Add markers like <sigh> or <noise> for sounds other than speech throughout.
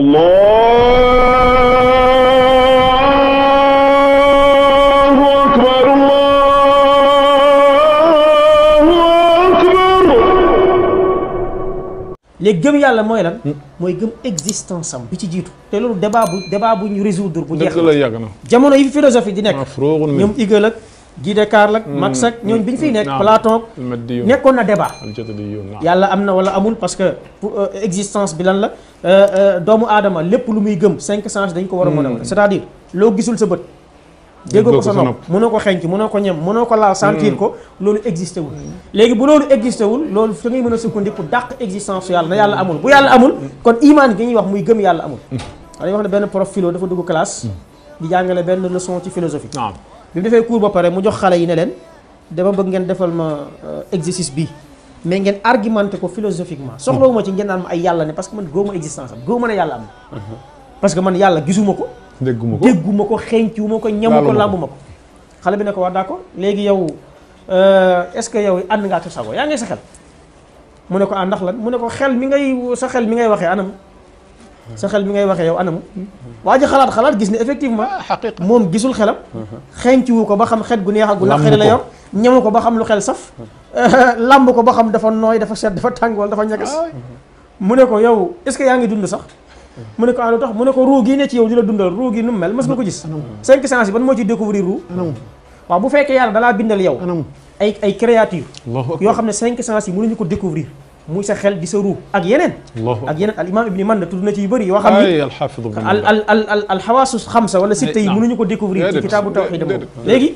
አላሁ አክበር አላሁ አክበር léegi gëm yàlla mooy lan mooy gëm existence am bi ci jiitu te loolu débat bu débat bu ñu résoudre bu jeex jamono yi fi philosophie di nekk ñoom igal ak Guy Descartes ak hmm. Marx ak ñooñ bi ñu fiy nekk Platon nekkoon na débat yàlla am na wala amul parce que pour euh, existence bi lan la euh, euh, doomu aadama lépp lu muy gëm cinq sens dañ ko war a mën a hmm. mën c'est-à-dire loo gisul sa bët déggoo ko sa nopp mënoo ko xenc mënoo ko ñem mënoo ko laal sentir hmm. ko loolu existé wul léegi bu loolu existé wul loolu fa ngay mën a sukkandiku pour dàq existence yàlla na yàlla amul bu yàlla amul kon imaan gi ñuy wax muy gëm yàlla amul dañuy wax na benn prof philo dafa dugg classe di jàngale benn leçon ci philosophie bi mu defee ba pare mu jox xale yi ne leen dama bëgg ngeen defal ma euh, exercice bi mais ngeen argumenté ko philosophiquement soxlawuma ci ngeen naan ma ay yàlla ne parce que man góoma existence am góoma ne yàlla am parce que man yàlla gisuma ko dégguma ko dégguma ko xeeñciwuma ko ñamu ko lambuma ko xale bi ne ko wa d'accord léegi yow euh, est ce que yow and nga ko sago yaa ngi sa xel mu ne ko ah ndax lan mu ne ko xel mi ngay sa xel mi ngay waxee anam سخل مين يبغى خيال أنا مم واجي خلاص خلاص جسني إفكتيفما حقيقة مم جسوا الخلاص خين تيو كباخم خد غنيا غلا خير لا يوم نيمو كباخم لو خير صف لامو كباخم دفن نوي دفن شد دفن تانغول دفن يكس منكوا يو إسك يانغي دوند صح منكوا على طه منكوا روجي نتيو جل دوند روجي نمل مسكوا كجس سينك سانسي بن موجي دكوري رو أنا مم وابو فيك يا رب دلاب بين دليو أنا مم أي أي كرياتيو يو خم نسينك سانسي مولني كو دكوري موسى خل جسرو أجينن أجينن الإمام ابن مان تودنا تيبري وخمي آه، الحافظ ابن ال ال ال ال الحواس خمسة ولا ستة يمونو كو ديكوفري كتاب التوحيد مو نعم. لقي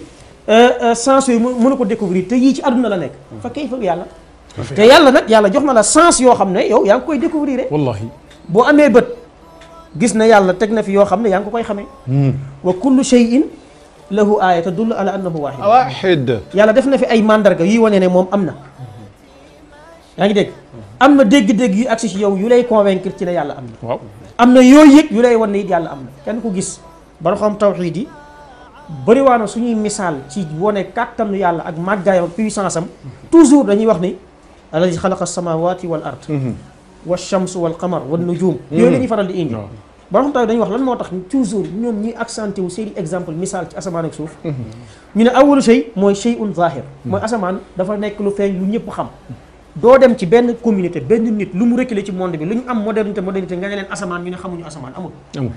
سانس يمونو كو نعم. ديكوفري تيجي أدنى آه، لنك آه، فكيف يلا تيلا نك يلا جوهم على سانس يو خم نيو يان كو ديكوفري ره والله بو أمي بد جسنا يلا تكنا في يو خم نيو يان كو كاي خمي وكل شيء له آية تدل على أنه واحد واحد يلا دفنا في أي مندرجة يو نيني مم أمنا yaa ngi dégg am na dégg-dégg yu agsi ci yow yu lay convaincre ci ne yàlla am na am na yooyu yëpp yu lay wan ne it yàlla am na kenn ku gis bara xam tawxiid yi bëriwaa na suñuy misaal ci wane kàttanu yàlla ak màggaayam puissance am toujours dañuy wax ni alladi xalaqa samawati wal ard wa shamsu wal qamar wal nujum yooyu la ñuy faral di indi borom xam dañuy wax lan moo tax toujours ñoom ñuy accenté wu seeni exemple misaal ci asamaan ak suuf ñu ne awalu shay mooy shay'un zahir mooy asamaan dafa nekk lu feeñ lu ñëpp xam doo dem ci benn communauté benn nit lu mu reculer ci monde bi lu ñu am modernité modernité nga ne leen asamaan ñu ne xamuñu asamaan amul. amul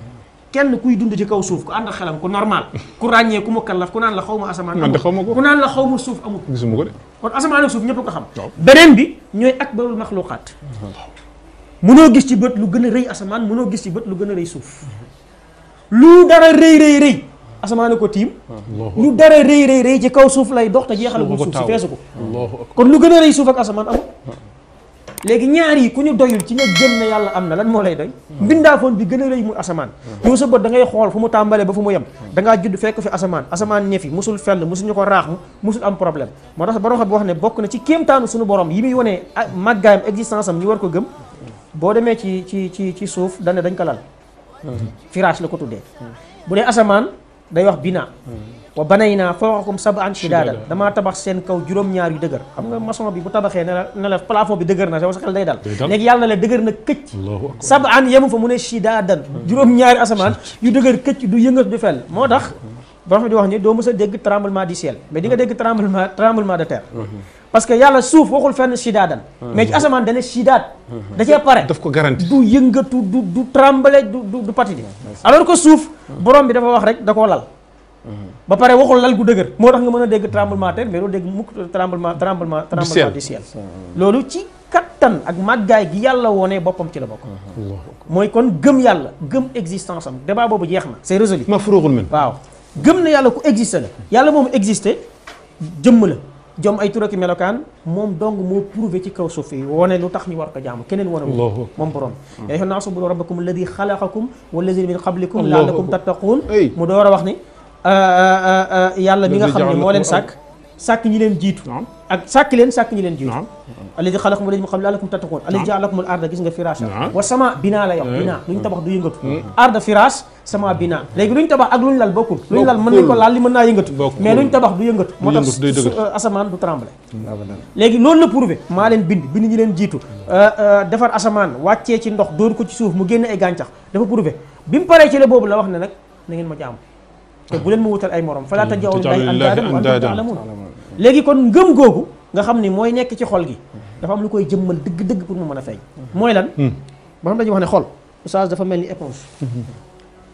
kenn kuy dund ci kaw suuf ku ànd xelam ku normal. ku ràññee ku mu kallaf ku naan la xaw ma asamaan. amul ku naan la xaw ma suuf amul. gisuma ko de kon asamaan ak suuf ñëpp ko xam. beneen bi ñooy akbarul maxluqaat. mënoo gis ci bët lu gën a rëy asamaan mënoo gis ci bët lu gën a rëy suuf. lu dara rëy rëy. asamaane ko tiim lu dara rëy rëy rëy ci kaw suuf lay dox te jeexalagul suuf si feesu ko kon lu gën a rëy suuf ak asamaan amul ah. léegi ñaar yi ku ñu doyul ci nga gëm ne yàlla am na lan moo lay doy ah. mbindaafoon bi gën a rëy mu asamaan ah. yow sa bët da xool fu mu tàmbalee ba fu mu yem da ngaa judd fekk fi asamaan asamaan ñefi musul fenn musul ñu ko raax mu musul am problème moo tax ba roxa bi wax ne na ci kéemtaanu suñu borom yi muy wonee màggaayam existence am ñu war ko boo demee ci ci ci ci suuf dane dañ ko lal firage la ko tuddee bu day wax bina hmm. wa banay naa fawqakum sab'an shidaada damaa tabax seen kaw juróom-ñaar yu dëgër xam nga maçon bi bu tabaxee ne la ne la bi dëgër na sa xel day dal léegi yàlla na la dëgër na këcc sab'an yemu fa mu ne shidaadan hmm. juróom-ñaari asamaan yu dëgër këcc du yëngatu du fel moo tax borom di wax ni doo mës a dégg tremblement du ciel mais di nga hmm. dégg tremblement tremblement de terre parce que yàlla suuf waxul fenn sidaadan ah, mais ci ah. asamaan dane sidaat ah, da cee pare du yëngatu du du du du patidi alors que suuf borom bi dafa wax rek da koo lal ba pare waxul lal gu dëgër moo tax nga mën a dégg tremblement terre mais doo dégg mukk tremblement tremblement tremblement du ciel loolu ci kattan ak màggaay gi yàlla woonee boppam ci la bokk mooy kon gëm yàlla gëm existence am débat boobu jeex na c'est résolu ma furuxul min waaw gëm na yàlla ku existé la yàlla moom existé jëmm la jom ay tur ak melokaan moom dong mo prouver ci kaw sofi woné lutax lu ñu war ko jamm kenen woné mom borom ya ayyuhan nasu bi rabbikum alladhi khalaqakum wal ladhi min qablikum laallakum tattaqun mu do wara wax ni euh euh euh yàlla mi nga xamni mo len sak sak ñi len jitu ak sàkk leen sàkk leen jiitu alladi xalaq mu mu xam laalakum tattaqoon alladi jaalakum al arda gis nga firasha wa sama binaa la yow eh. binaa lu ñu tabax du yëngatu hmm. arda firaas sama binaa léegi lu ñu tabax ak lu ñu lal bokkul lu ñu lal mën nañ ko laal li mën naa yëngatu mais lu ñu tabax du yëngatu moo tax euh, hmm. léegi loolu la prouvé maa leen bind bind ñi leen jiitu euh, euh, defar asamaan wàccee ci ndox dóor ko ci suuf mu génn ay gàncax dafa prouvé bi mu paree na ngeen ma jaamu te bu léegi kon ngëm googu nga xam ni mooy nekk ci xol gi dafa am lu koy jëmmal dëgg-dëgg pour mu mën a feeñ mooy lan hmm. ba xam dañuy wax ne xol oustaz dafa mel ni éponge hmm.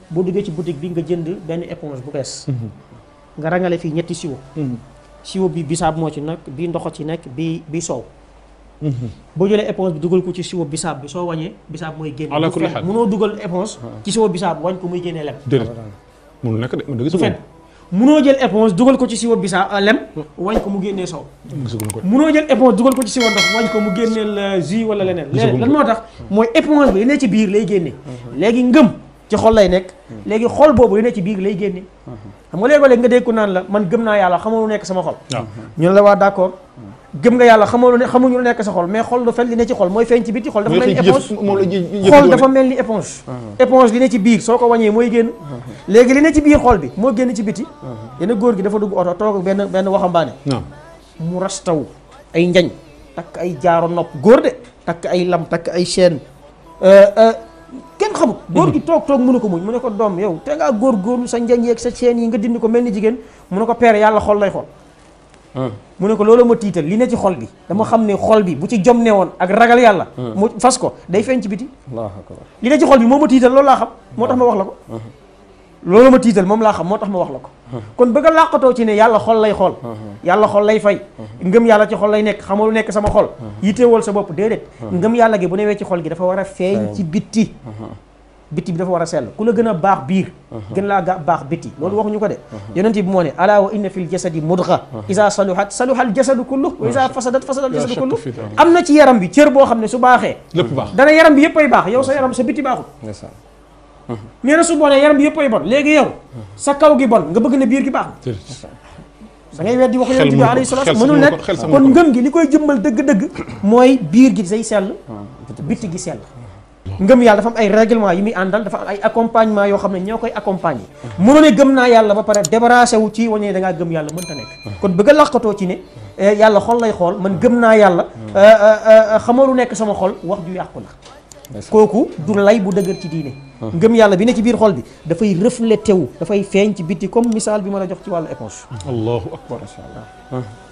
boo duggee ci boutique bi nga jënd benn éponge bu bees hmm. nga rangale fii ñetti siwo siwo bi bisaab moo ci nekk bii ndoxo ci nekk bi bi soow boo jëlee éponge bi dugal ko ci siwo bisaab bi soo wañee bisaab mooy génne ala kulli xaal mënoo dugal éponge ah. ci siwo bisaab wañ ko muy génnee lem déedéet mënul nekk de dëgg su fen munoo jël éponge dugal ko ci siwo bisaa euh, lem hmm. wañ ko mu génnee sow munoo jël éponge dugal ko ci siwo ndox wañ ko mu génneel jus wala leneen léegi lan moo tax hmm. mooy éponge bi li ne lay génne léegi ngëm ci xol lay nekk hmm. léegi xol boobu li ne ci biir lay génne xam nga léegoo léegi nga dégg ko naan la man gëm naa yàlla xamoo lu nekk sama xol ñu ne la waa d'accord gëm nga yàlla xamoo lu ne xamuñu lu nekk sa xol mais xol du fen li ne ci xol mooy feeñ ci biti xol dafa mel ni éponge xol dafa mel ni ah, ah. éponge li ne ci biir soo ko wañee mooy génn léegi li ne ci biir xol bi moo génn ci biti ah, yenn góor gi dafa dugg oto toog benn benn waxambaane mu rastaw ay njañ takk ay jaaro nopp góor de takk ay lam takk ay chaîne euh, euh, kenn xamut mm-hmm. góor gi toog toog mënu ko muñ mu ne ko doom yow te ngaa góor góorlu sa njañ yeeg sa chaîne yi nga dindi ko mel ni jigéen mu ne ko père yàlla xol lay xol mu ne ko loolu ma tiital li ne ci xol bi dama xam ne xol bi bu ci jom ne woon ak ragal yàlla mu fas ko day feeñ ci biti li ne ci xol bi moom ma tiital loolu laa xam moo tax ma wax la ko loolu ma tiital moom laa xam moo tax ma wax la ko kon bëgg a làqatoo ci ne yàlla xol lay xool yàlla xol lay fay ngëm yàlla ci xol lay nekk xamalu nekk sama xol yitteewal sa bopp déedéet ngëm yàlla gi bu newee ci xol gi dafa war a feeñ ci bitti biti bi dafa war a sell ku la gën a baax biir uh-huh. gën laa baax biti uh-huh. loolu waxuñu ko de uh-huh. yonent bi moo ne ala wa inna fil jasadi mudgha isa saluhat saluhal jasadu kullu wa isa fasadat fasadal jasadu kullu am na ci yaram bi cër boo xam ne su sa sa biti baaxul nee na su bonee yaram bi yëppay bon léegi yow sa kaw gi bon nga bëgg na biir gi baax da ngay weddi waxu yonent bi alayhi salaatu mënul nekk kon ngëm gi li koy jëmbal dëgg-dëgg <coughs> mooy biir gi say sell ah, biti gi sell ngëm yàlla dafa am ay règlement yi muy àndal dafa am ay accompagnement yoo xam ne ñoo koy accompagner mënoo ne gëm naa yàlla ba pare débarrassé wu ci wañee da ngaa gëm yàlla mënta nekk kon bëgg a làqatoo ci ne eh, yàlla xol lay xool man gëm naa yàlla mm. eh, eh, xamoo lu nekk sama xol wax ju yàqu la kooku du lay bu dëgër ci diine mm. ngëm yàlla bi ne ci biir xol bi dafay reflété wu dafay feeñ ci biti comme misaal bi ma la jox ci wàllu éponge allahu akbar